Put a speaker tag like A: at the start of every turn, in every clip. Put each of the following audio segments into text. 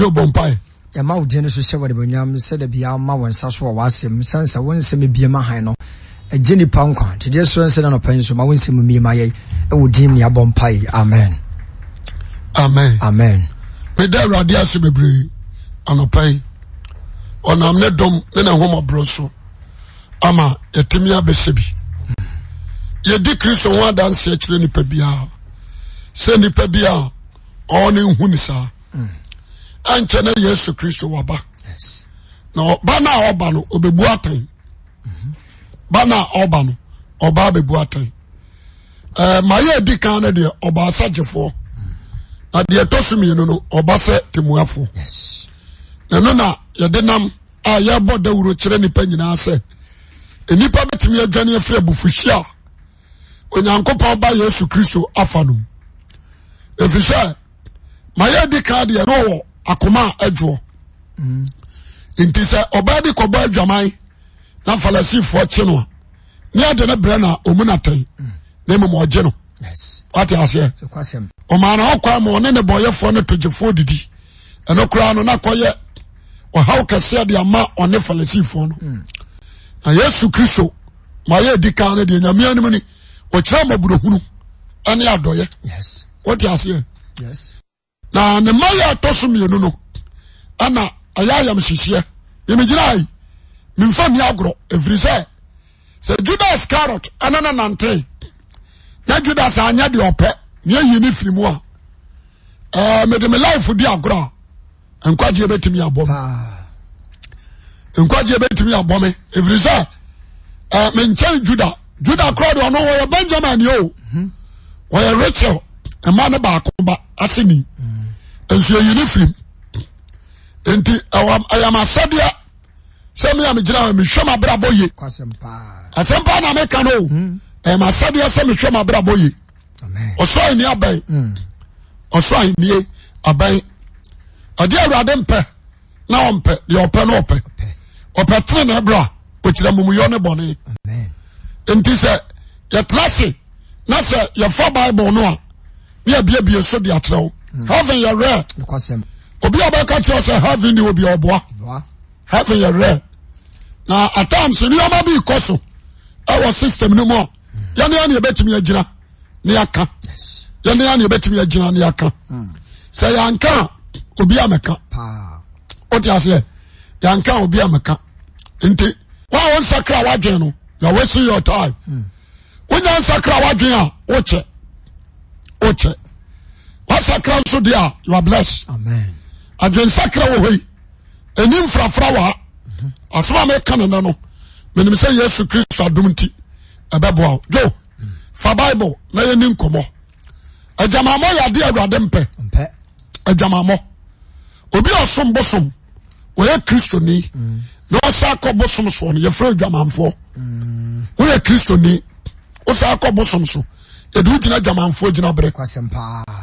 A: yóò bɔ mpae. ɛma wo din no so hyɛ wɔde bɛnyam sɛde bia ma wɔ nsa so wɔ w'asɛm sane sɛ wo nsɛm bie ma han no agye nipa nkwa ntedeɛ soro nsɛ no anɔpa nso ma wo nsɛm mmie ma yɛi ɛwɔ e din ne abɔ mpae amen amen amen meda awurade ase bebree anɔpa yi ɔnam ne dɔm ne ne homɔborɔ so ama yɛtumi abɛsɛ bi yɛdi kristo ho adanseɛ kyerɛ nipa biara sɛ nipa biara ɔwɔ ne nhu ne saa mm. ɛnkyɛ na yesu kristo waba na ba no a ɔba no ɔbɛbu atan ba no a ɔba no ɔbaa bɛbu atan ɛɛ yɛ adi kan no deɛ ɔbaa sɛ na deɛ ɛtɔ so mmienu no ɔba sɛ temuafoɔ ɛno na yɛde nam a yɛbɔ dawuro kyerɛ nipa nyinaa sɛ nipa bɛtumi adwane afiri abufuhyi a onyankopɔn ba yesu kristo afa nom efisɛ sɛ ma kan deɛ ne ɔwɔ akoma adwoɔ mm. nti sɛ ɔbaa bi kɔbɔ adwaman na farisifoɔ kye no a ne ade ne berɛ na ɔmu natɛn mm. na mmom ɔgye no wate aseɛ ɔmaa na ɔkwa ama ɔne ne bɔyɛfoɔ ne togyefoɔ didi ɛno koraa no na kɔyɛ ɔhaw kɛseɛ de ama ɔne farisifoɔ no mm. na yesu kristo ma yɛ di kan no deɛ nyame anim ni ɔkyerɛ ma burohunu ɛne adɔyɛ wate aseɛ nema yɛ to so mienu no na yɛyɛmsyesyiɛ meina mefamiar fri sɛ sɛ juda scariot nnane a judasayɛdepɔ meahino fiim medemefɛekyɛn juda juda rdyɛ bengamanyɛ mhm. rael mane ako asen nso eyi ne firim nti ayamasɛdeɛ sɛ mi a mi gyina hɔ mi hwɛ ma abrabɔ ye asɛm paa na mi ka no ayamasɛdeɛ hmm. sɛ mi hwɛ ma abrabɔ ye ɔsɔre ni abɛn hmm. ɔsɔre ni abɛn ɔde awurade mpɛ na ɔmpɛ deɛ ɔpɛ na ɔpɛ ɔpɛ tene na ebra okyerɛ mumuyɔ ne bɔne nti sɛ yɛtena se na sɛ yɛfa baibul no a ne yɛ biebie so de akyerɛ wo. Mm. heaven yɛ rare obi a bɛka kyerɛ sɛ heaven ne obi ɔboa heaven yɛ rare na at times nneɛma bi kɔ so ɛwɔ system no mu a mm. yɛne a ne yɛbɛtumi agyina ne yɛka yɛne a ne yɛbɛtumi agyina ne yɛka mm. sɛ yɛanka a obi a mɛka wote aseɛ Yanka a obi a mɛka nti woa wo nsakra a woadwen no yɛwasi your time wonya nsakra a woadwen a wokyɛ wokyɛ wasakra nso deɛ a you are blessed adwensakra wɔ hɔ yi enim mfrafra wɔ ha asɛm a meka ne no menim sɛ yesu kristo adom nti ɛbɛboa wo jo fa bible na yɛni nkɔmmɔ adwamammɔ yɛ adeɛ awurade mpɛ adwamammɔ obi a ɔsom bosom wɔyɛ kristoni na ɔsa akɔ bosom soɔ no yɛfrɛ adwamanfoɔ mm. woyɛ kristoni wosa akɔ bosom so yɛde wogyina dwamanfoɔ gyina bere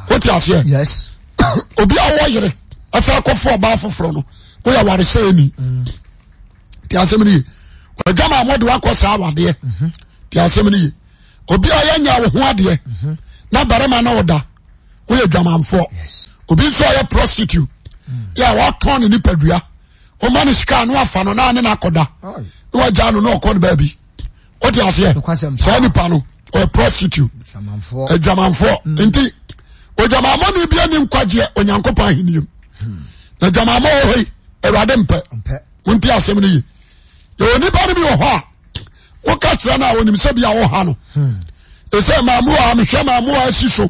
A: wote aseɛ obi a wɔ yere ɛfɛ kɔfo ɔbaa foforɔ no woyɛ waresɛni nti mm. asɛm no ye ɔdwama mɔde wakɔ saa awadeɛ nti mm-hmm. asɛm no ye obi a yɛnya wo ho adeɛ mm-hmm. na barima na ɔda woyɛ dwamanfoɔ obi nso a ɔyɛ prostitute mm. yɛ wɔtɔn ne nipadua ɔma no sika no afa no na ne no akɔda na wagya no na ɔkɔ no baabi wote aseɛ saa nipa no prostitute adwamanfoɔ hmm. nti odwamamɔ no bia ne nkwagyeɛ onyankopɔn ahenniam hmm. na adwamamɔ wɔ hɔi awurade mpɛ wonti asɛm no yi yɛwɔ nipa no bi wɔ hɔ a woka kyerɛ no a wɔnim sɛ bia hmm. a no ɛsɛ maamoa mehwɛ a asi so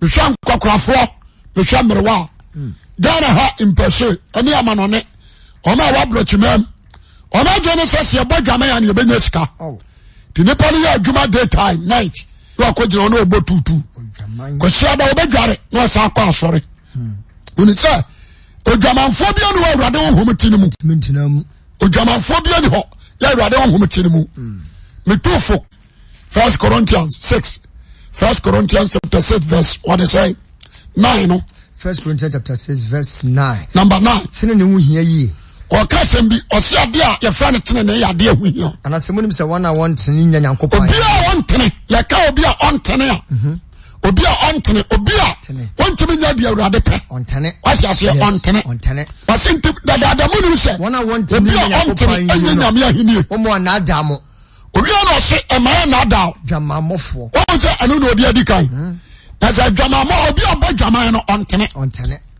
A: mehwɛ nkwakorafoɔ mehwɛ mmerewa a ghana ha ama ɛne amanɔne ɔma a wabrɔkyimaam ɔma adwa no sɛ sɛ yɛbɔ dwama yɛ ne yɛbɛnya sika ti nipa no yɛ adwuma day time night na wakɔ gyina hɔ na ɔbɔ tutu kɔsia da wɔbɛdware na ɔsan akɔ asɔre oni sɛ odwamanfoɔ bia ne hɔ awurade honhom ti no mu odwamanfoɔ bia ne hɔ yɛ awurade honhom ti no mu metofo first corinthians six first corinthians chapter six verse wɔde sɛ nine no first corinthians chapter six verse nine number nine sini ne ho hia yie ɔka asɛm bi ɔsi ade a yɛfra no tene ne yɛ ade ahu hia anasɛ monim sɛ wɔn a wɔntene nya nyankopɔn obi a ɔntene yɛka obi a ɔntene a mhm. obi a ɔntene obi a wɔntumi nya deɛ awurade pɛ ɔntene wasi aseɛ ɔntene ɔntene wasi nti dadaada mu nim sɛ obi a ɔntene ɛnyɛ nyame ahenie wɔn a ɔse ɛmaa naadaa dwamammɔfoɔ sɛ ɛno na odi adi kan mhm. na sɛ dwamammɔ obi a ɔbɔ dwaman no ɔntene ɔntene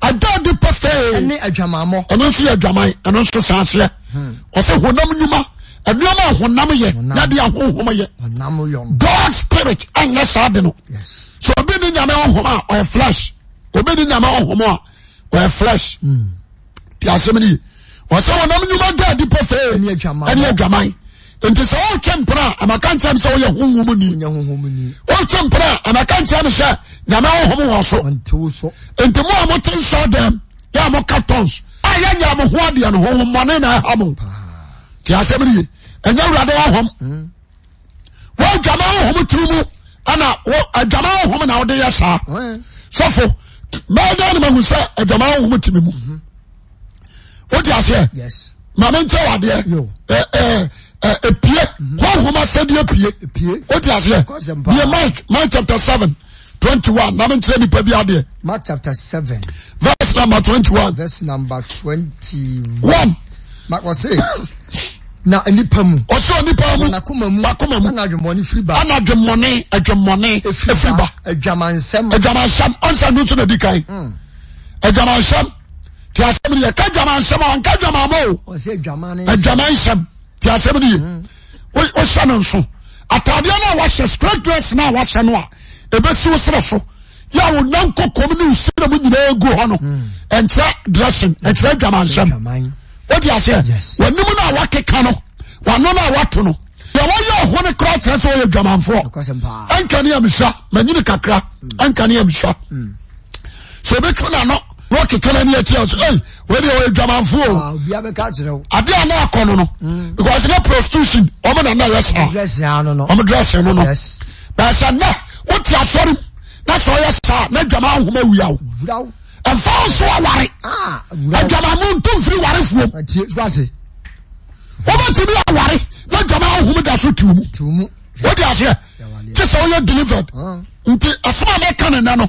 A: adaade pɛ fɛɛno so yɛ adwama ɛno nso sa syeɛ hmm. ɔ sɛ hɔnam nnwuma anuama a honam yɛ nade ahohomyɛ god spirit anyɛ saa de no soobine nyame hom a ɔyɛ flsh ɔbine nyam hom a ɔyɛ fresh diasɛm hmm. ny sɛnam wuma daade pɛ fɛɛneyɛ dwama i aa s epie euh, honhom asɛdeɛ pie pied mhm. aseɛ yɛ mike mike chapter seven twenty one na menkyerɛ nipa bi adeɛ chapter seven verse number twenty one verse number twenty one say na nipa mu ɔsɛ nipa mu nakoma mu nakoma mu ana adwemmɔne firi ba ana adwemmɔne adwemmɔne efiri ba adwamansɛm adwamansɛm na di adwamansɛm tí a sɛ mi yɛ ká adwamansɛm ɔsɛ adwamansɛm. ti asɛm ni ye wohyɛ no nso ataadeɛ no a wahyɛ straight dress no a wahyɛ no a ɛbɛsi wo serɛ so yɛ a wo nan kɔkɔm ne wosira mu nyinaa gu hɔ no ɛnkyerɛ dressing ɛnkyerɛ adwamansɛm wodi ase, w'anim no a wakeka no w'ano no a wato no deɛ wɔyɛ ɔho ne kora kyerɛ sɛ wɔyɛ adwamanfoɔ ɛnka ne amisa manyini kakra ɛnka ne so mm. sɛ obɛtu n'ano na ɔkekana ne atia so ei wei deɛ wɔyɛ dwamanfoɔ adeɛ a na akɔ no no mm. because ne prostitution ɔmo na na yɛ saa ɔmo dressing no no bɛsɛ nɛ wote asɔre na sɛ ɔyɛ saa na dwama ahoma awia wo ɛmfa wo so aware adwama ah, mo nto mfiri warefoɔ wobɛtumi aware na dwama ahom da so tiw mu wode aseɛ te sɛ woyɛ delivered ah. nti ɛsom a mɛka ne nɛ no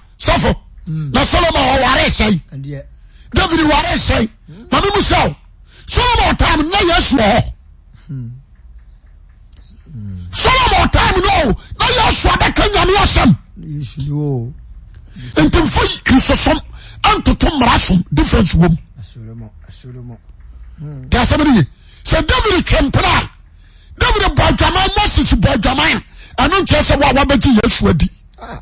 A: sɛfo hmm. na solomon ɔware sɛe david ware sɛe na memu sɛo solomon time na yesu wɔ hɔ solomon time no na yesu adaka nyame asɛm nti mfa kristosom antoto mmara som difference wom te asɛm no hmm. ye sɛ hmm. david twempere a david bɔ adwaman moses bɔ adwaman ɛno nkyerɛ sɛ wo a wabɛgye yesu di. Ah.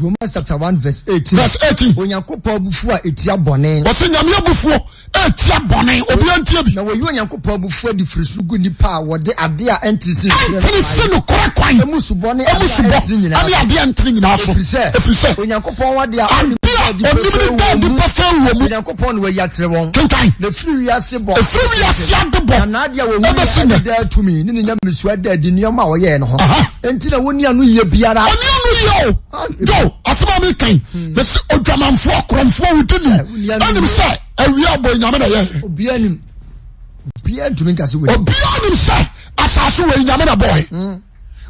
A: romans chapter one verse eighteen. verse eighteen. onyankopɔn abufuo a etia bɔnɛ. wɔsi nyame abufuo ɛtia bɔne obi antia bi. na wɔyi onyankopɔn abufuo de firi so gu nipa a wɔde adeɛ a ɛntiri si nkyerɛ ɛntiri si no korɛ kwan ɛmu subɔ ne ɛmu subɔ ɛne adeɛ ɛntiri nyinaa so efiri sɛ onyankopɔn wade a ɔnim ne bɛɛ di pɛfɛ wɔ mu onyankopɔn na wɔyi akyerɛ wɔn kankan na efiri wiase bɔ efiri wiase ade bɔ na n'adeɛ wɔ wɔn yɛ ɛda tumi ne ne nyɛ mmusua da di nneɛma a wɔyɛ no ho nti na wɔn ni ah, hmm. ɛnim awia bɔ nyame na yɛ. obiara nim obiara ntumi nkasi wei. obiara nim sɛ asase wei nyame na bɔɔye hmm.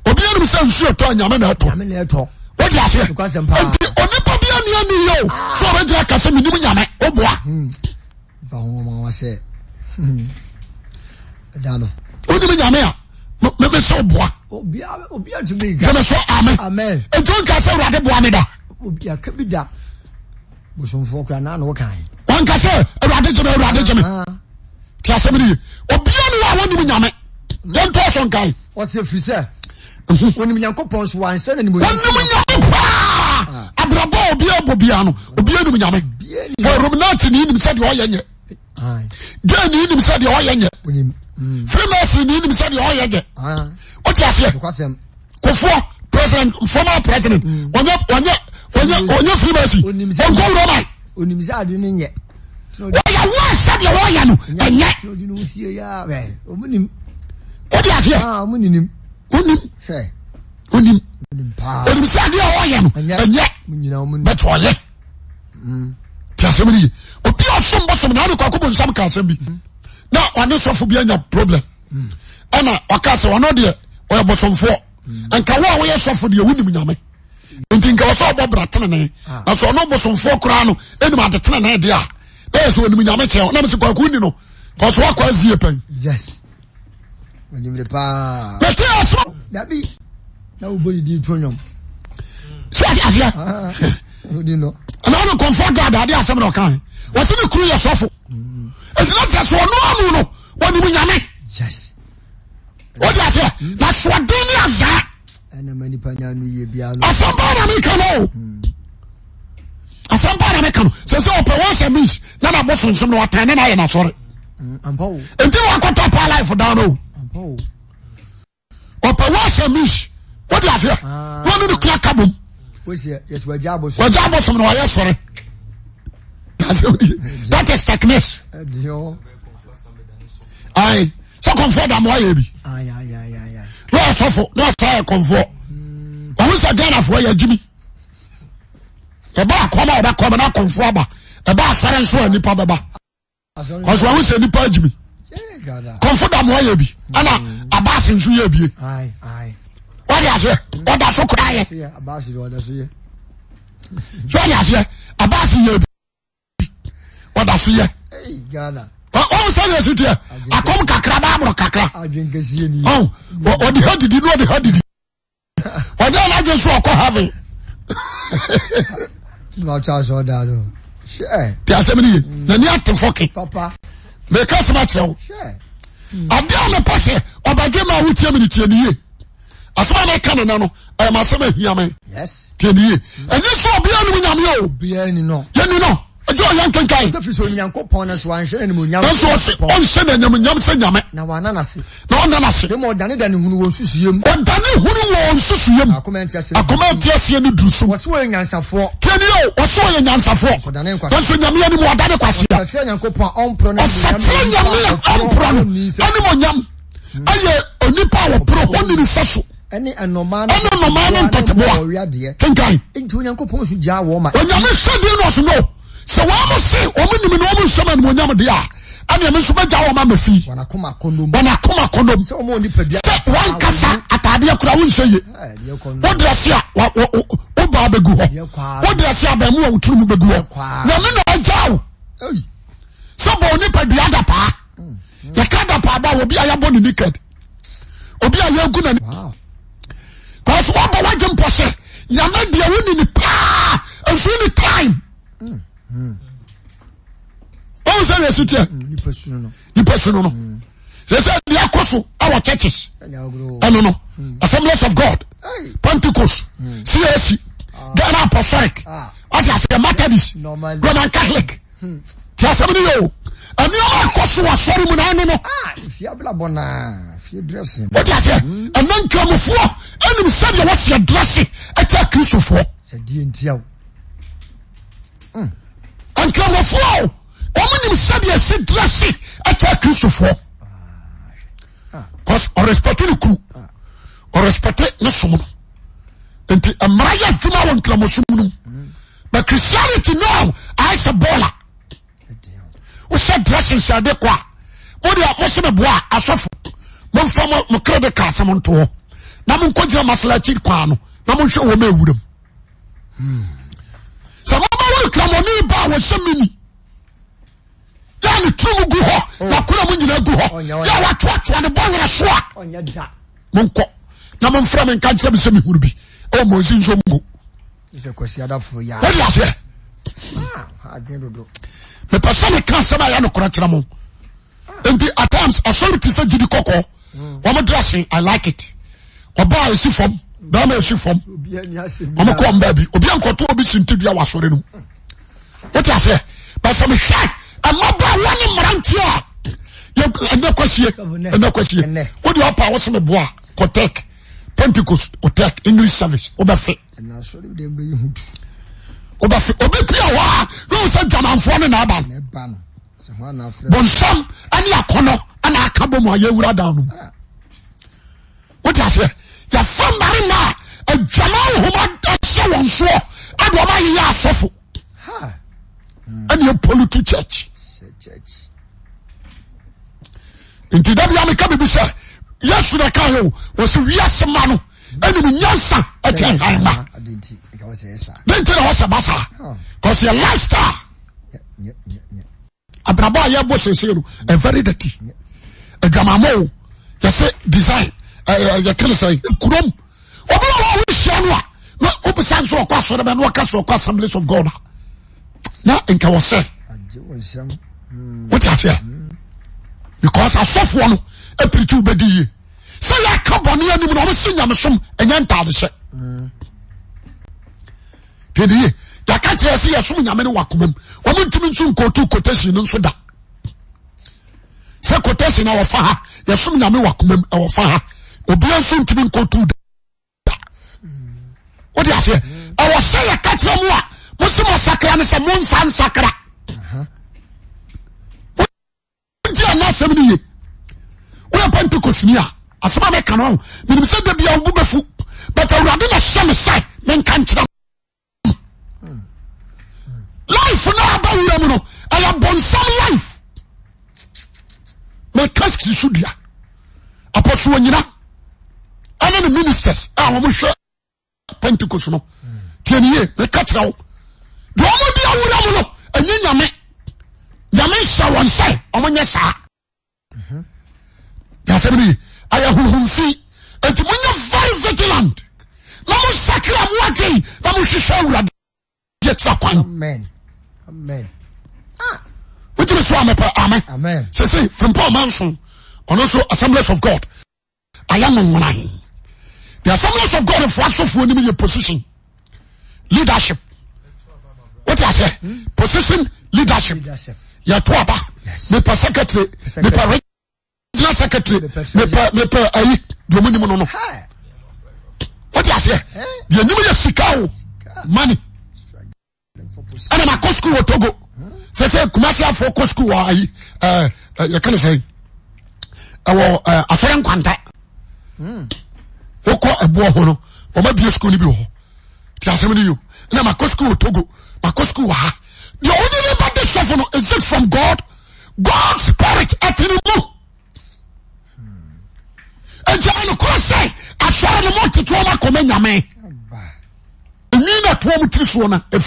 A: obiara nim sɛ nsuo tɔ nyame na ɛtɔ. nyame na ɛtɔ. o di aseɛ nti onipa bi anu anu yɛ o ah. sɛ ɔbɛ gyina kasa mi nim nyame o bua. nfa hmm. ho ma wa sɛ ɛda no. o nim nyame a mɛ bɛ sɛ o bua. obiara obiara ntumi nkasi. jɛnɛ sɔ amen. amen. etu nkasa wulade bua mi da. obiara kabi da bosomfoɔ kura naa na ɔkan. wọn kà sẹ ewurade jẹmi ewurade jẹmi ah. kí a sẹbi nìyí obiara ni wà wọn nimu nyame wọn tó ọsọ nkan. ọsẹ firisẹ onim nyanko pọn so wansi na nimu nyame. wọn nimu nyame paa abirabọ obiara bọ biara no obiara nimu nyame rominanti ni nim sẹ deɛ ɔyɛ nyɛ gay ni nim sɛ deɛ ɔyɛ nyɛ freemason ni nim sɛ deɛ ɔyɛ nyɛ o hmm. ti aseɛ kofoɔ president former president hmm. wɔnyɛ wɔnyɛ. ɔya frimasinkwrma yawo sɛdeɛ yɛ no ɛyɛ wode afiɛ n sɛdeɛ yɛ no ɛyɛbut ɔyɛ piasɛmne bi ɔsobosom naanewakɔbonsam ka asɛm bi na ane sfo bianya problem an ka sɛ anedeɛ yɛ bosomfoɔ ɛnka woa woyɛ sfo deɛ woni yame nti nka wɔsɛ ɔbɔ bra tenene ah. na ɔno bosomfoɔ koraa no ɛnim ade tenene deɛ a bɛyɛ sɛ ɔnim nyame kyerɛ nam sɛ kwaku ni no
B: kɔso wakɔ asie pɛn
A: mete aso sɛ ah, ade asɛm na ɔkae wɔse ne kuru yɛ sɔfo mm. ɛnti na sɛ ɔno ano no wɔnim nyame wode aseɛ na soɔden ne azaa asɛmpa na meka no asɛmpa na meka no sɛ sɛ ɔpɛ wɔ sɛ mis na nabo sonsom no ɔtɛn ne na ayɛ nasɔre enti mm, wakɔtɔ pa life down o ɔpɛ wɔ sɛ mis wode aseɛ ah. wɔne no kura ka bom wagya abosom no ɔyɛ sɔre that is technique sɛ kɔnfoɔ dam wayɛ bi na ɔsɔfo na ɔsra yɛ kɔnfoɔ ɔmo sɛ ghanafoɔ yɛ gyimi ɛba akɔma ɔba kɔma na kɔnfoɔ aba ɛba asare nso a nipa bɛba ɔsɔ ɔmo sɛ nipa gyimi kɔnfo dam wayɛ bi ɛna abaase nso yɛ bie wọ́n yàsẹ́ ọ̀dà so kura yẹ. sọ yàsẹ́ abáàsì yẹ bi ọ̀dà so yẹ ɔn sɛdeɛ si teɛ akɔm kakra baaboro kakra ɔn ɔde ha didi ne ɔde ha didi ɔnyɛ na adwe so ɔkɔ have te asɛm no ye nani ate fɔke meka sɛm akyerɛ wo ade a mepɛ sɛ ɔbadwe ma wotie me ne tie ne ye asɛm a meka nena no ɛyɛ masɛm ahia me tie ne ye ɛnyɛ sɛ ɔbia nom nyame o yɛni no ɛdi ɔyɛ nkankan. sɛ firi sɛ onyankopɔn ne so anhyɛ ne nimonyam. ɛsɛ ɔsi ɔnhyɛ ne nimonyam sɛ nyame. na wɔana se. na wɔana nase. se. ma ɔdane dane hunu wɔ nsusuyam. ɔdane hunu wɔ nsusuyam. akoma nti aseɛ. akoma nti aseɛ ne duru so. wɔsi wɔyɛ nyansafoɔ. tiɛni o wɔsi wɔyɛ nyansafoɔ. ɔdane nkwaseɛ. wɔsi nyame yɛ ni mu ɔdane kwaseɛ. ɔsɛtɛ nyame ayɛ onipa a wɔporo hɔ ne ne nsa so ɛne ɛnɔmaa ne ntɔteboa kenkan onyame sɛdeɛ ne ɔso no sɛ wɔn mo se wɔn nim na wɔn nsɛm animonyam de a ɛna ɛmi nso bɛgya wɔn ama fi wɔn akoma kɔndom sɛ wɔn kasa ataadeɛ kura wɔn nhyɛ yie wɔn de ase a wɔn ba bɛgu hɔ wɔn de ase a bɛn mu a wɔn turu mu bɛgu hɔ wɔn na ɛgya wo sɛ bɔ nipa dua da paa yɛka da paa ba obi a yɛbɔ ne naked obi a yɛgu na kɔsu wɔn bɔ wɔn gye mpɔ nyame deɛ wɔn ni ni paa esu ni time. Hmm. ɔn sɛ na esi tiɛ hmm, nipa sunu no sɛsɛ deɛ akɔ so awɔ churches ɛno no hmm. assemblies of god pentecost cac ah. ghana apostolic ɔte ah. asɛ methodist roman catholic tí a sọ mi ni yẹ o ẹni ọba akọsọ wa sọrọ mu n'anu no. Ah, fi abilabọ naa fi dirẹsi. o ti a fẹ ẹnna nkramofoɔ ɛnum sɛbi a wɔsi ɛdirɛsi ɛkyɛ kiristofo. sɛ diɛ ntia o. nkelamofo omenim sede se dres ta cristo foo ae respet ne kro respe nesorae duma kela bu crisanty nse o e dresw lamɔne ba a wɔhyɛ mini yɛ ne tirim gu hɔ oh. nakona mu nyina gu hɔ oh, yɛ watoatoa ne bɔwerɛ so a oh, monkɔ na momfrɛ me nka nkyerɛ me sɛ mehuru bi ɛwɔ mɔsi nso mgu wode aseɛ mepɛ sɛ meka asɛm a yɛ nokora kyerɛ mo ah. nti at times asɔre te sɛ gyidi kɔkɔɔ mm. wɔmo dresse i like it ɔbaa ɛsi fam bɛma ɛsi fam ɔmokɔ mbaa bi obia nkɔto obi sintedua wɔ asɔre no mu mm wote aseɛ bɛsɛ mehwɛ ɛmaba wɔ ne mmeranteɛ a ɛnɛ kɔsie ɛnɛ kɔsie wode ɔpa wo seme boa kɔtɛk pentecost otɛk english service wobɛfe wobɛfe obɛpia hɔ a ne wo sɛ dwamanfoɔ no naaba no bonsam ɛne akɔnɔ ɛna aka bɔ mu a yɛwura da no wote aseɛ yɛfa mmarima a adwama nhoma ɛhyɛ wɔn soɔ ade ɔma yeyɛ asɔfo ɛneɛpolity church nti dadiameka bebisɛ yɛsona ka wsɛ wia se ma no anim yansan tehna entina wsɛ basa bcayɛlsta abraba yɛb sesei n veridat adamamoo yɛse desinykeese k bemo ohia noa n wosansosnassmsf na nka wɔ sɛ hmm. wote aseɛ hmm. because asɔfoɔ no apirikyi wobɛdi yie sɛ yɛaka bɔne anim na ɔmese nyamesom ɛnyɛ ntaade hyɛ hmm. tɛde ye yɛka kyerɛ sɛ yɛsom nyame no wakoma m ɔmo ntumi nso nkɔto kotasi no nso da sɛ kotasi no wɔfa ha yɛsom nyame wakoma m ɛwɔfa ha obia nso ntumi nkɔto da wode aseɛ ɛwɔ sɛ yɛka kyerɛ mu a mose sakrane s momansakra ntianasamneye we pentecosniasɛ dawo ef but wrade na semesa menkakera f amunsa lf mekaisoda apɔsa yina anene ministers mpentecos nemeka terao domdi awra muo aye yame yame sa wose moye sa ntmoye va viteland namosakira moadwe na moseso ah. wraas leadership wote asɛ hmm? position leadership yɛto aba mepɛ secretary mepɛ regional secretary mepɛ ayi duomu nim no no wote aseɛ yɛnim yɛ sika o money ɛna makɔ school wɔ togo sɛ hmm? sɛ kumasi afɔ kɔ school wɔ ayi ɛɛ eh, eh, yɛka ne sɛ ɛwɔ ɛɛ eh, afɔre nkwanta hmm. wokɔ ɛboɔ hɔ no wɔn abie school ni bi wɔ hɔ. semnnemacoskotgosko d onenbede so fono isit from god god spirit etine mu ntin krose asere nomotito kome yame nn tomo tiri son nns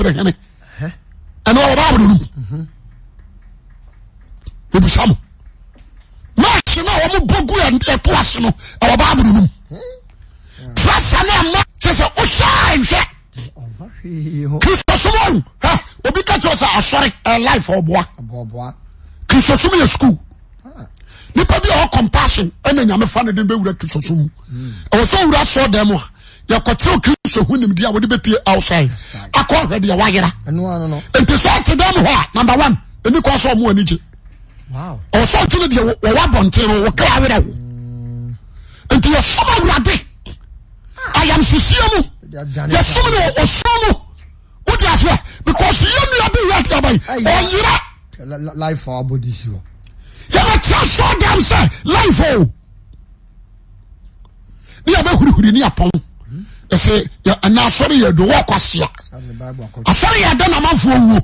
A: aseneese osase kristosom ha! obi ka kyerɛ sɛ asɔre ɛ eh, life ɔboa kristosom yɛ school ah. nipa bi a ɔ compassion ɛna nyame fa ne den bɛwura kristosom mu hmm. ɛwɔ sɛ owura asɔ dan mu a yɛkɔkyerɛ kristo ho nimdi a wɔde bɛpie outside akɔ ahwɛ deɛ wayera nti sɛ ɔte dan mu hɔ a number one ɛni kɔ asɔ ɔmo ani gye ɔwɔ sɛ ɔte no deɛ wɔwɔ abɔnten no wɔkra awerɛ wo hmm. nti yɛsoma awurade ah. ayamsisiɛ mu yesomnson wodasɛ eaus yɛnaa yer yɛneta sodem sɛ lif neabɛhrihiri neapo ɛsɛ ana sɔreyɛdowo kɔsea sreyɛd nafoɔ wɛnoer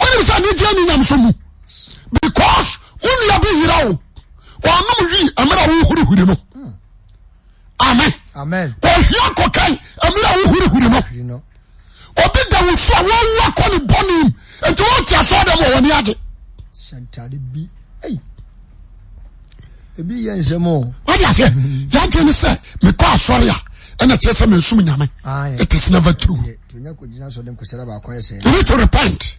A: wonim sɛ ne gyea no nyamso mu because wo nua bi yera wo wɔnom wi mmerɛ wohorihori no amen ɔhia kɔkae mmerɛ wohorihori no obi da wo so a wɔwu akɔ ne bɔnem nti wɔte asɛ dɛ ma wɔne ade wode aseɛ yɛadwe ne sɛ mekɔ asɔre a ɛna kyerɛ sɛ mensom nyame it is never true you need to repent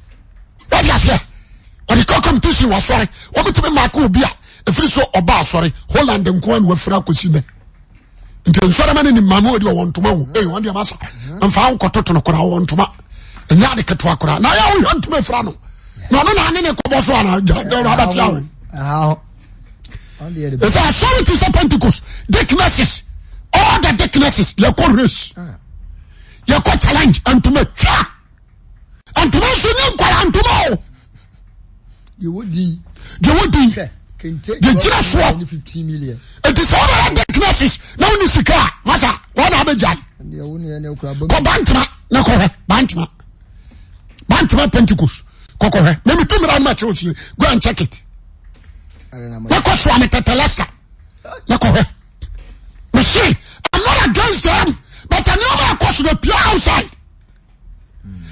A: wọ́n di ase ọ̀dì kọ́ kọ́mpitisìn wà sọ́re wọ́n bẹ tẹ̀mí mako obi a efiri so ọba asọ́re Holland nko ẹni wọ́n fira akosi nẹ nti nsọ́rọ́mọ́ ni ni maamu odi ọ̀wọ́ ntoma wò eyi wọ́n di ẹ̀ma sa nfa awo nkọ́tọ́ tó nìkọ́ra ọ̀wọ́ ntoma ẹ̀nyẹ́ adi kẹtọ́ akọ́ra náà yà wọ́n ntoma efira no na ọ̀nà náà ni ne kọ́ bọ́ so àná ọ̀rọ̀ abati awo ẹ̀sẹ̀ asọ́re ti sẹ́ Pentecost dicknesses all the dicknesses yẹ kọ́ race yẹ kọ́ challenge ntoma twa. antum soe karantumwinso s ns nansik ms nbeabantaabatma penticos ctae tko sam teteleste kh se ano aganst em but anom kosno pio outside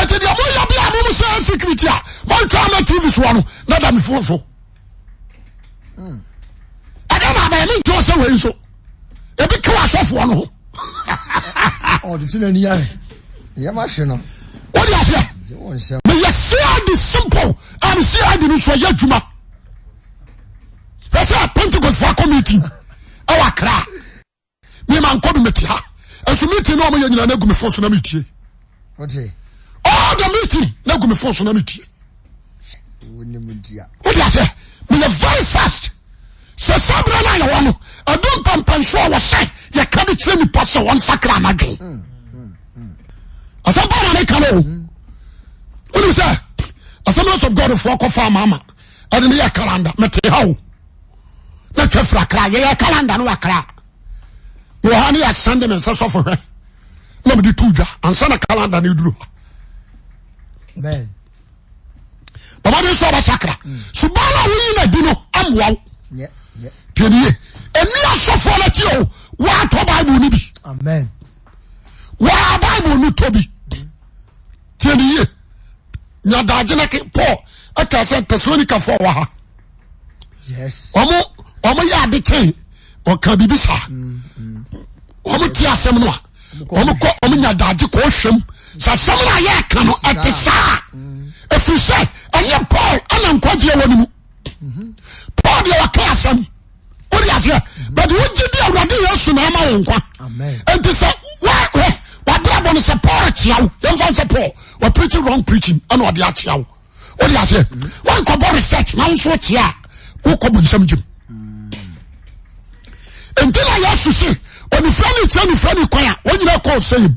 A: ɛti deɛ moyɛ bia mom sɛ security a montwa ma tv soa no na da mefoɔ so ɛdɛ hmm. na abaa me nkyɛ sɛ wei nso ebi kew asɔfoɔ no ho wode aseɛ meyɛ cid simple am cid no so yɛ adwuma ɛ sɛ pentecostfoɔ akɔ meeting ɛwɔ e akraa memankɔ bi mete ha ɛso meeting na ɔmyɛ nyina no agu me fo so na metie oe metin ne g fosonamed e e aa ea o aase ea a n eaoa bàbá mi sọ ọba sakra hmm. ṣùgbọ́n àwọn yìí náà bí no amuwa o tẹ̀lé yẹ èmi asọ́fọ́ ọ̀nà tí o wà á tọ́ báyìí níbi wà á báyìí ní tóbi tẹ̀lé yẹ nyadagye na Paul ẹka sẹ tẹsílónìkà fọ wà ha ọmọ ọmọ yẹ adi kẹyìn ọkà bíbí sá hmm, hmm. ọmọ tí a sẹm nù a ọmọ kọ ọmọ nyadagye kọ ọ hwẹm. sɛ sɛm no ayɛ ka no ɛte saa ɛfiri sɛ ɛnyɛ paul ana nkwagyeɛ wɔ no mu paul deɛ wɔka asɛm wode aseɛ but wogye de awurade yesu na ama wo nkwa enti sɛ wahwɛ wabrabɔ no sɛ paul akyea wo yɛmfa sɛ paul wapreachi wrong preaching ɛna ɔde akyea wo wode aseɛ woankɔbɔ research na wo nso wokyea a wokɔbɔ nsɛm gyem enti na yesu se onifra ne tia nifra ne kwan a wɔnyina kɔɔ sɛ yim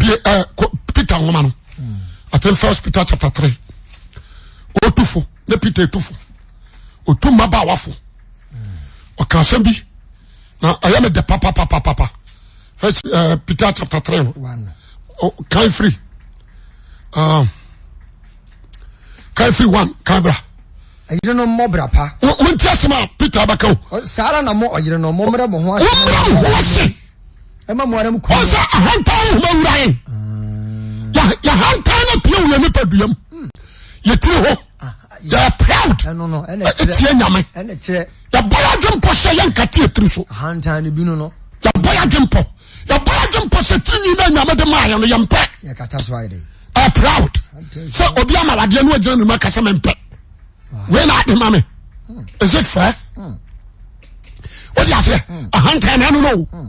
A: Eh, peter nwoma no ati first peter chapter three otu fo ne peter etu fo otu mmabaawa fo ɔka asɛm bi na ɛyɛ mi dɛ papapapapa first eh, peter chapter three kan firi kan firi one kan ah. bra. ɛyere no mmɔ bra pa. wọ́n ti asem a peter abakaw. saa na mo ɔyere no mo mmerɛ mo ho ase. wọ́n mmerɛ mo ho ase. aampo homa wura yɛant no piaɛnipada yɛtiri t ya ɛɔ adwpɛyɛnkae atiri odɛanyae aɛ yɛɛpdɛɛiaasɛɛeinda isit f oisɛ ahat n ɛno noo hmm.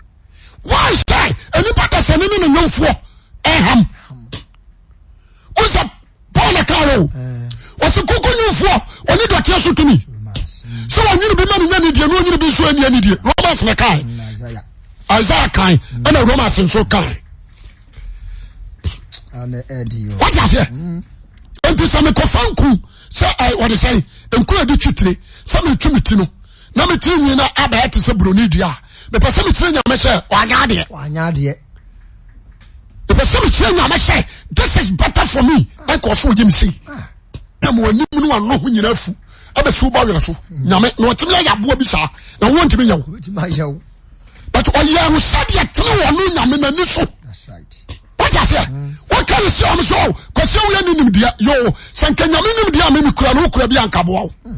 A: why stay enipa dasani ne nanyɔnfoɔ ɛham wosɛ paul na kaa o wɔsi koko nyɔnfoɔ wɔne dɔteɛ so tumi sɛ wɔnyini bi ma ne nya ne die ne wɔnyini bi nso anya ne die romans na kaa isaiah kaa ɛna romans nso kaa wati aseɛ nti sɛ mekɔfa nku sɛ wɔde sɛ nku a di twitire sɛ metwi me ti no na metiri nwi no abaɛ te sɛ buroni dua a mepɛ sɛ metiri nyame sɛ wanyadeɛ wanyadeɛ mepɛ sɛ metiri nyame sɛ this is better for me ɛnka ɔso wogye me sei ah. na ma w'anim no ano ho nyina afu abɛsi wobɔ werɛ so nyame na ɔtumi ayɛ aboa bi saa na wontumi yɛ wo but ɔyɛ no sɛdeɛ tene wɔ no nyame n'ani so wotasɛ mm. wokane sɛ ɔm sɛ oh, kɔsɛ woyɛ ne nimdeɛ yo sɛ nka nyame nimdeɛ a meme kura no wokura bi ankaboa wo mm.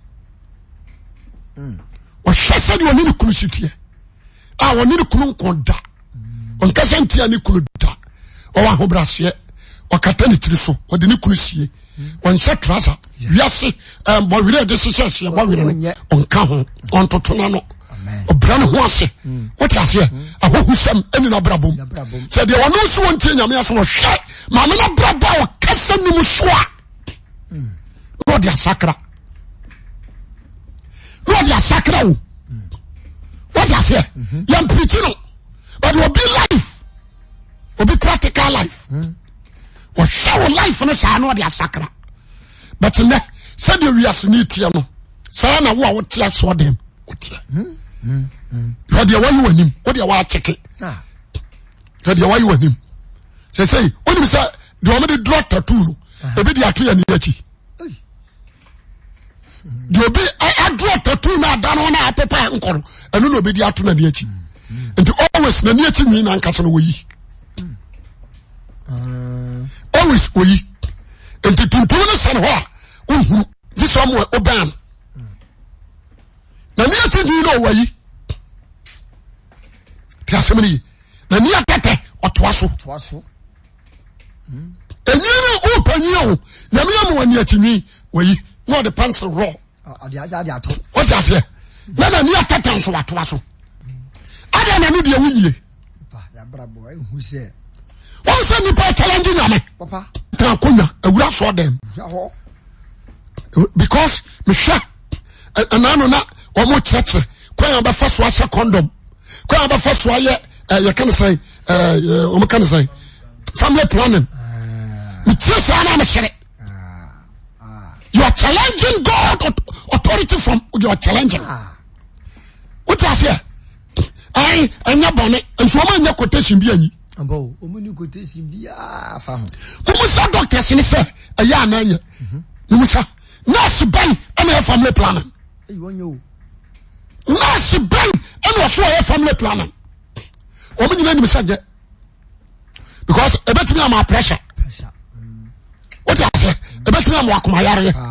A: ɔhwɛ sɛdeɛ ɔne ne kunu siteɛ a ɔne ne kunu nko da ɔnkasa ntia ne kunu da ɔwɔ ahobrɛaseɛ ɔkata ne tiri so ɔde ne kunu sie ɔnhyɛ trasa wiase bɔwerɛ de hyehyɛ seɛ bɔwerɛ no ɔnka ho ɔntotona no ɔbra ne ho ase mm. wote aseɛ mm. ahohu sɛm ɛne nabrabom sɛ deɛ ɔno so wɔntie nyame asɛ ɔhwɛ maame no braba a ɔkasa no mu so a na ɔde asakra na wɔde asakra wo wɔde aseɛ yɛmpirikyi no but obi life obi practical life wɔhyɛ hmm. wo life no saa na wɔde asakra but nnɛ sɛdeɛ wiase ne tiɛ no saa na wo a wote asoɔ dɛm woteɛ wɔdeɛ wayi w'anim wɔdeɛ waakyeke wɔdeɛ wayi w'anim sɛ sɛ onim sɛ deɛ ɔmo de draw tattoo no ah. ebi de ato yɛ ne akyi deɛ obi adeɛ tatu na ada no na apepa nkɔro ɛno na obɛdi ato na neakyi nti always na neakyi nwii na nkasa no wɔyi uh. always wɔyi nti tuntum no sɛne hɔ a wohuru gye sɛ ɔmo wobɛn no na neakyi nwii na ɔwayi te asɛm no yi na nea tɛtɛ ɔtoa so ɛnwi hmm. no wopanyia wo nyame ama wɔ neakyi nwii wɔyi na ɔde pencil rɔ ɔde aseɛ na na ni atɛ pencil atoa so adeɛ na ne deɛ woyie wọn nipa challenge nyame akonya ewura sọ because mehwɛ ɛnano na ɔmo kyerɛkyerɛ kwan abɛfa so ahyɛ kɔndɔm kwan abɛfa so ayɛ ɛyɛ kan sɛn ɛɛ ɔmo kan family planning are challenging God authority from your challenging. What was here? I ɛnyɛ bɔnɛ nsuoma nyɛ quotation bi ayi. Abo omu ni quotation bi aa ah, fa ho. Umusa doctors ni sɛ ɛyɛ anan yɛ. Umusa nurse bɛn ɛna yɛ family planning. Eyi wɔn yɛ o. Nurse bɛn ɛna ɔso ɔyɛ family planning. Wɔn nyinaa nim sɛ jɛ because ebetumi ama pressure. What was here? Ebetumi ama akoma yare yɛ.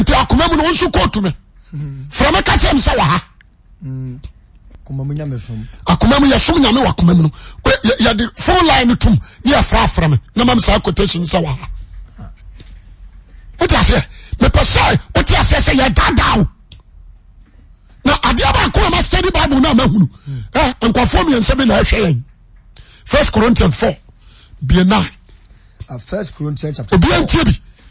A: nti akomamuno so kotume fre me kake me se wahayedadanabkomaady biblenkwafosefist corntians fb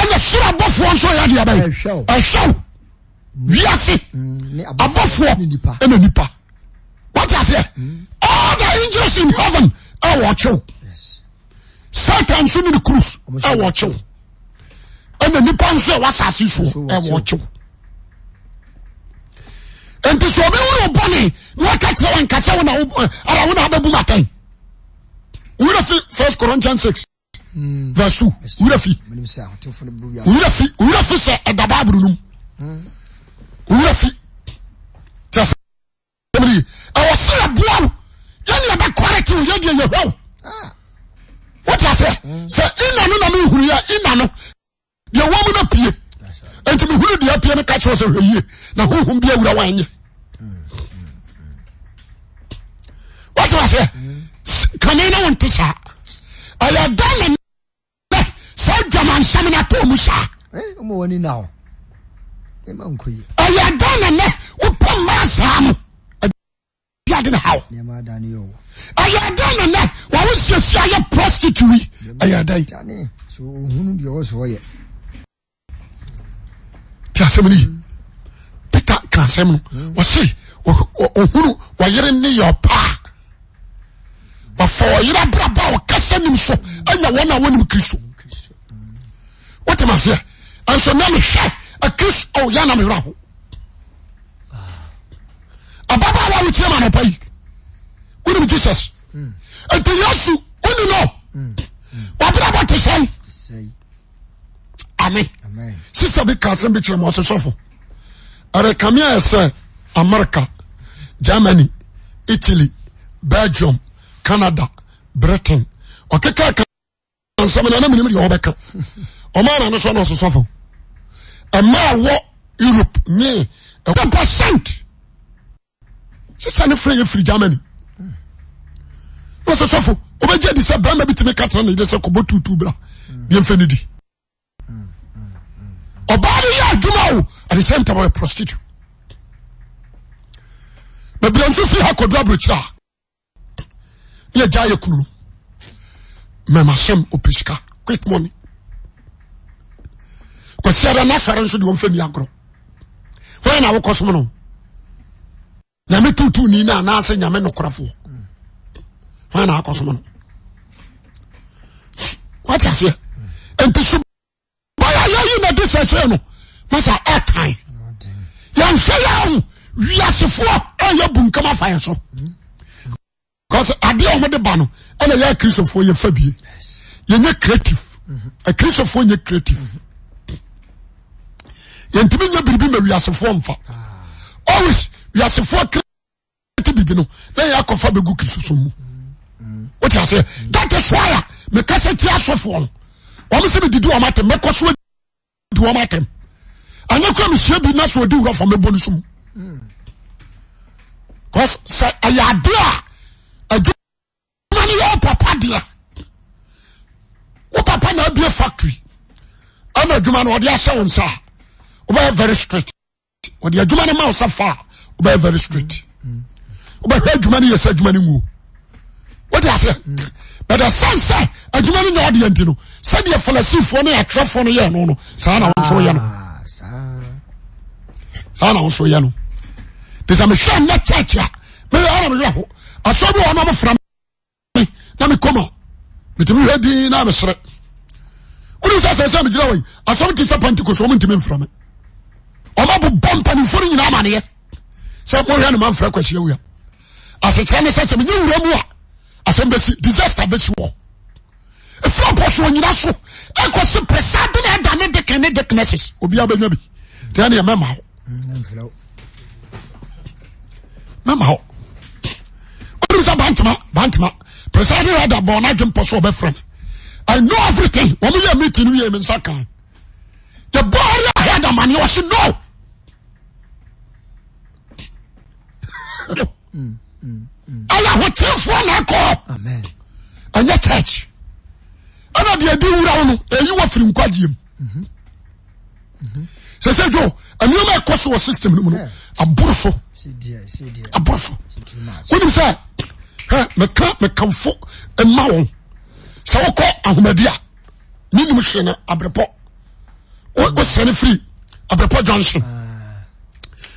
A: ɛna soro abɔfoɔ nso yɛ adeɛ bɛyɛ ɛhwɛw wiase abɔfoɔ ɛna nipa wate aseɛ all the angels in heaven ɛwɔ ɔkyew satan nso ne ne cruise ɛwɔ ɔkyew ɛna nipa nso ɛwɔ asase soɔ ɛwɔ ɔkyew nti sɛ obi wuro bɔne na waka kyerɛ wankasa wo na ara wo na abɛbu matan wura fi first corinthians six eso ɛaaɛa ɛnɛktɛd ɛ as sɛ ina nameuana wa timedaaɛ fodama nsam n tn sa y dannanɛ wopo masa mo den ha y dan nanɛ wawosiasieyɛ prostitue aasɛ ka sɛm hmm. yere neypa afa yerɛ braba okasa num so nanwan kriso tsse krs oh, anawero ababawtemnpai onem jesus teyesu onn wabrabotese ami sise bi kasen be kere mosesofo erekamia ye se amerika gemany italy belgium canada britain okekaknsemnna menm d wo beken ɔmaana no so ne ɔsosɔfo wɔ europe ne ɛwɔ sisan ne de germany ne ɔsosɔfo ɔbɛgye di sɛ dire. bi tumi sɛ kɔbɔ tutu bra ne at the prostitute bɛbila nso ha kɔdu ne yɛ gya yɛ kunu quick money. akwasi ada n'asare nso de wɔn fɛ miagorɔ wɔn na awokɔ som no nyame tutu ni na anaasɛ nyame nokorafoɔ wɔn na akɔ som no wɔte aseɛ nti so bɔyɛ yɛyi na de sɛsɛ no masa ɛtan yɛnhwɛ yɛn wiasefoɔ ɛyɛ bunkam afaeɛ so because adeɛ a wɔde ba no ɛna yɛ akristofoɔ yɛfa bie yɛnyɛ creative akristofoɔ nyɛ creative yɛntumi nya biribi ma wiasefoɔ mfa always wiasefoɔ kirete biribi no na yɛ akɔfa bɛgu kirisosom mu wote aseɛ that is why a mekasa tia asɔfoɔ no wɔn sɛ medidi wɔn atɛm mɛkɔ so di wɔn atɛm anyɛ kura mehyia bi na so odi wura fa mɛbɔ no so mu cause sɛ ɛyɛ adeɛ a adwuma no yɛ wo papa deɛ wo papa na abie factory ɛna adwuma no ɔde ahyɛ wo nsa a obe very strat ode adumane ma sa fa be very at a a n a ioetimram oma bobo pan for yina mane se nfre seynaok ɛyɛ ahotefoɔ noakɔ ɛnyɛ tach ɛnade adi wuraw no ɛyiwɔ firinkwadeam mhm. mhm. sɛsɛ o anuama ɛkɔ so wɔ system nou oso wonim sɛ emekamfo ma wɔn sɛ wokɔ ahomadia ne ni heno abrepɔ wosɛne fri abrepɔ jonsen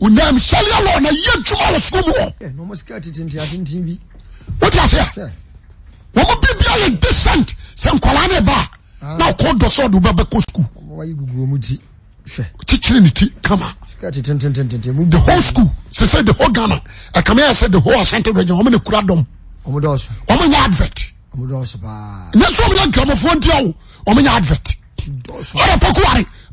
A: wonam sɛlea wɔ na yɛ dwuma wɔ soro mu hɔ wode aseɛ wɔmo bibia yɛ decent sɛ nkwalaa ne ba ah. na ɔkɔ dɔ sɛ ɔde wobɛbɛkɔ skul ne ti kama the whole school sɛ sɛ the whole ghana ɛkame e yɛ sɛ the whole asante dɔnya ɔmo ne kura dɔm ɔmo nyɛ advert nyɛ sɛ ɔmo nyɛ nkramofoɔ ntia wo advert ɔdɛ pɔkoware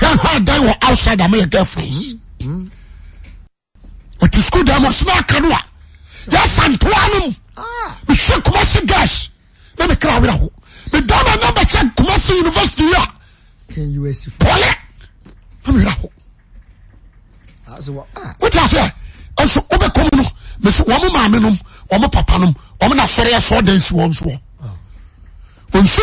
A: hehadan wo outside meye oh. ga fren te schooldmseno kanoa yasantano mee komase asr medaee komase universityeo bdfo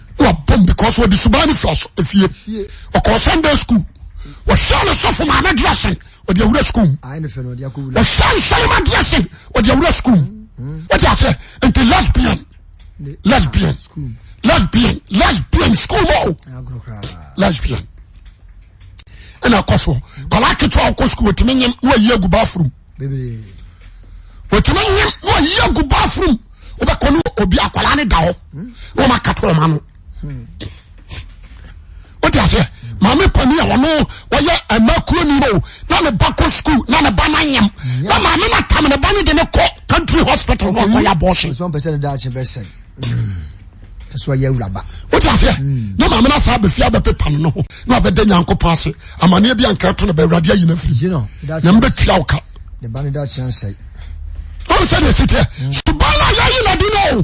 A: eaee sua esne scol s fssscllsassasan lsbagafm a dakat wote aseɛ maame pani a wɔno wɔyɛ ɛma kuro ni o na ne ba kɔ sukuu na ne ba na nyam na maame na tam ne ba ne de ne kɔ country hospital hɔ kɔyɛ abɔɔhye so yɛ awuraba wote aseɛ na maame no saa bɛfie abɛpepa no no ho na wabɛda nyankopɔn ase amanneɛ bi anka to no bɛawurade ayi no afiri na mbɛtua wo ka ɔm sɛ ne ɛsi teɛ suba no ayɛyi nade no o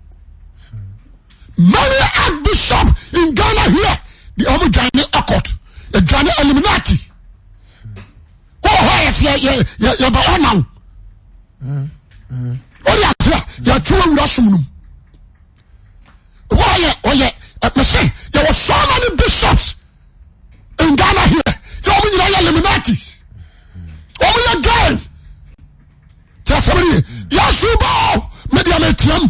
A: many archbishop in Ghana here the ọmọ Johnny akọt dwane eliminati wọ́n họ yẹsẹ yẹ yẹ yẹ bẹ ọ̀nàm ó di àti à yẹ tún ewúrẹ́ sùn nù wọ́n yẹ ọ̀yẹ ẹ̀pẹ̀sẹ̀ yẹ wọ so many bishops in Ghana here yẹ ọmọ nyina yẹ eliminati ọmọ yẹ join tí a sọ mi nìyẹn yẹ asubọ mi di àmì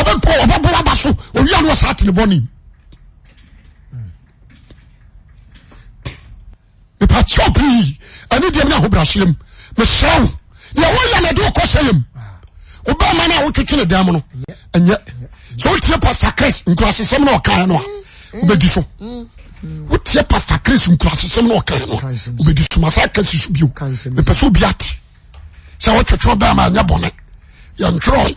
A: ɔbɛpɔ ɔbɛbɔ waba so owia no ɔsa atene bɔne nipa pii ɛne deɛ wo woyɛ no a wotwetwe ne dam no ɛnyɛ sɛ wotie pastor chris nkurasesɛm na ɔkaɛ no a wobɛdi so wotie pastor chris nkurasesɛm na ɔkaɛ no a wobɛdi so masa ka si so bio mepɛ sɛ obi ate sɛ wotwetwe ɛnyɛ bɔne yɛntwerɛe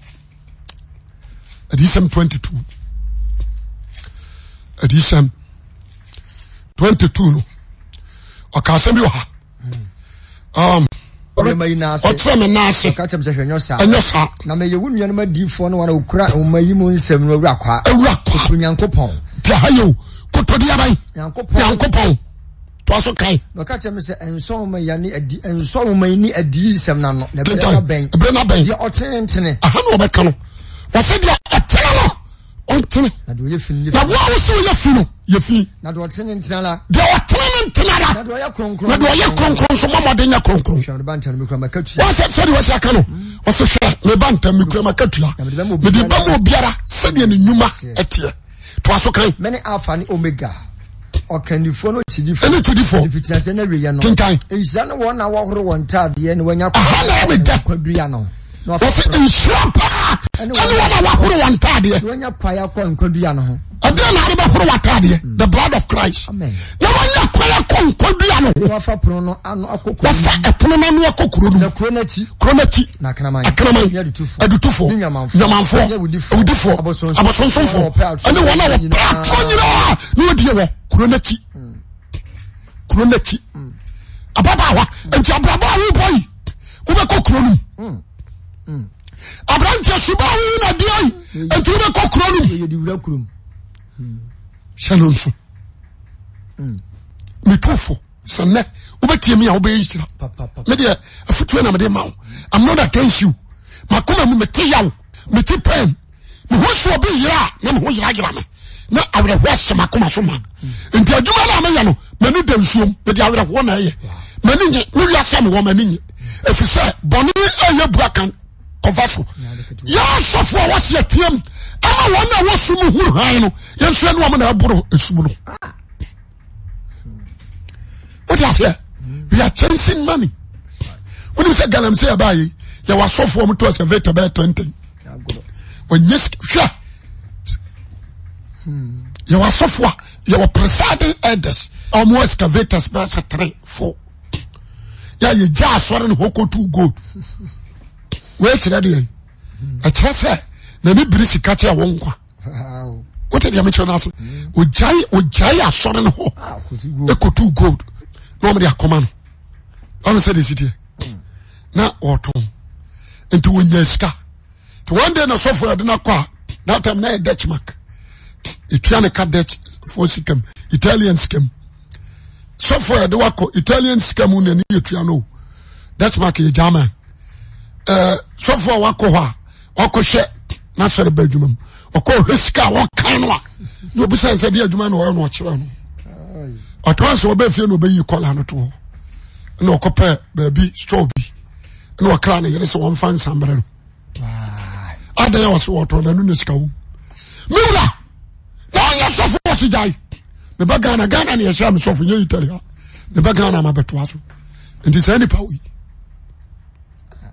A: adisɛm 22 adisɛm 22 no ɔka asɛm bi ɔha um, ɔkyerɛ me naase ɛnyɛ saa na meyɛ wo nuanom adiifoɔ no wana ɔkura nwoma yi mu nsɛm no awura kwa awura kwa ɔfiri nyankopɔn deɛ ha yɛ o kotodi aban nyankopɔn toa so kae na ɔka kyerɛ me sɛ ɛnsɔ nwoma yi ne adi ɛnsɔ nwoma yi ne adii nsɛm na no na ɛbrɛ na bɛn ɛbrɛ na ɔtenetene aha na ɔbɛka no wɔsɛ deɛ ɔtena no ɔntene na wo a wo sɛ woyɛ fi no yɛ fi deɛ ɔtene no ntena la na deɛ ɔyɛ kronkron nso mamɔde nyɛ kronkronsɛ sɛdeɛ wɔsi aka no ɔsɛ hwɛ meba ntam mekura maka tua mede ba ma obiara sɛdeɛ ne nnwuma ɛteɛ toa so kan mene alpha ne omega ɔkandifoɔ no kyidifo ɛne tudifo fitinasɛ no awieɛ no kenkan nhyira ne wɔn na wɔhoro wɔn ntadeɛ ne wɔanya kwadua no wɔsɛ nhyira paa nnhthe f risawa ka knantoynnawo woɛk aberanteɛ suba wo na deɛ ɛnti wobɛkɔ kuro no sɛno nso metofo sɛ nnɛ wobɛtie mi a wobɛyɛ nhyira medeɛ afotuo na mede ma wo am not against you makoma mu mete yaw mete pain meho soɔ bi yera a na meho yera me na awerɛhoɔ hyɛ makoma so ma nti adwuma no meyɛ no m'ani da nsuom mede awerɛhoɔ na ɛyɛ m'ani nye mewiasɛ mewɔ m'ani nye ɛfiri sɛ bɔne ɛyɛ bua kan kɔfa so yɛasɔfo a wɔse atiam ama wɔn a wɔsom huru han no yɛnsoa ne wɔm na ɛboro asum no wode aseɛ we are chasing money wonim sɛ galamsey abaayei yɛwɔ asɔfoɔ m to asɛvata bɛyɛ tenten ɔnyɛ hwɛ yɛwɔ asɔfo a yɛwɔ presiding elders a ɔmo excavators bɛyɛ sɛ tre four yɛ yɛgya asɔre no hɔ kɔtu gold wɔakyerɛ deɛ ɛkyerɛ sɛ nani biri sika kyɛ wɔ nkwa wote deɛ mekyerɛ no ase ogyae asɔre no hɔ ɛkɔtu gold na ɔmde akɔma no ɔno sɛ de siteɛ na ɔtɔn nti wɔnya sika nti one day na sɔfo yɛde no kɔ a na tam na yɛ dutch mark ɛtua ne ka dutch fo sikam italian sikam sɔfo yɛde wakɔ italian sikam nani yɛtua no dutch mark yɛ german sɔfoɔ a wakɔ hɔ a ɔkɔhwɛ n'asɔre ba adwuma mu ɔkɔ ɔhwɛ sika a wɔkan no a na obi sɛn sɛ deɛ adwuma na ɔyɛ na ɔkyerɛ no ɔtɔn sɛ ɔbɛ fie na ɔbɛyi kɔla no to hɔ na ɔkɔpɛ baabi store bi na ɔkra ne yere sɛ wɔmfa nsambrɛ no adan a wɔsɛ wɔtɔ na no na sika wo miwura na ɔnyɛ sɔfoɔ so gyae meba ghana ghana ne yɛhyɛ a mesɔfo nyɛ italia meba ghana mabɛtoa so nti saa nipa wei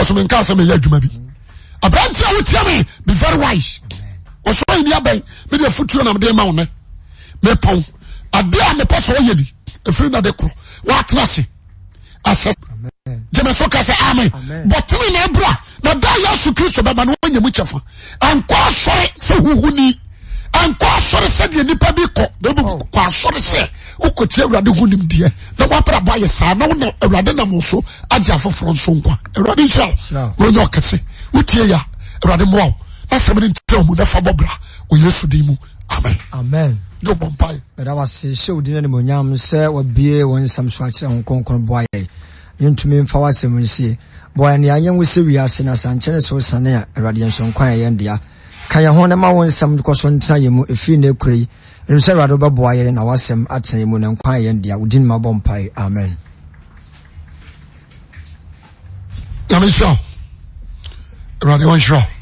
A: kseye uma bi abrata wo tie me be very wise nbe mdefotnmap emposenftas emesokese ame btnena bra nda yesu kristo bemanyamu chefa nko asore se huhuni ɛnkɔ asɔre sɛ deɛ nipa bi kɔ na ebi oh. kɔ asɔre sɛ okɔ tie awurade hu nim deɛ na wapra ba yɛ saa na wona awurade nam so agye afoforɔ nso nkwa awurade nhyira wo wɔnyɛ ɔkɛse wotie ya awurade mmoa wo na sɛm ne ntena mu na fa bɔ bra wɔ yesu din mu amen amen yóò bɔ mpa yi. ɛdá wa se se odi ne mo nyam sɛ wabie wɔn nsɛm so akyerɛ wɔn kɔnkɔn bɔ ayɛ yɛntumi mfa wasɛm nsie bɔ ayɛ nea anyɛ nwosɛ wiase na sankyɛn sɛ wosane a awurade nso nkwa yɛ yɛn dea ka yɛn ho na ma wɔn nsɛm kɔ so ntena yɛn mu efiri na ekura yi ɛnu sɛ ɛwurade ɔbɛboa yɛn na wasɛm atena yɛn mu na nkwa yɛn deɛ odi nima bɔ mpa yi amen. nyame nhyira ɛwurade wɔn nhyira.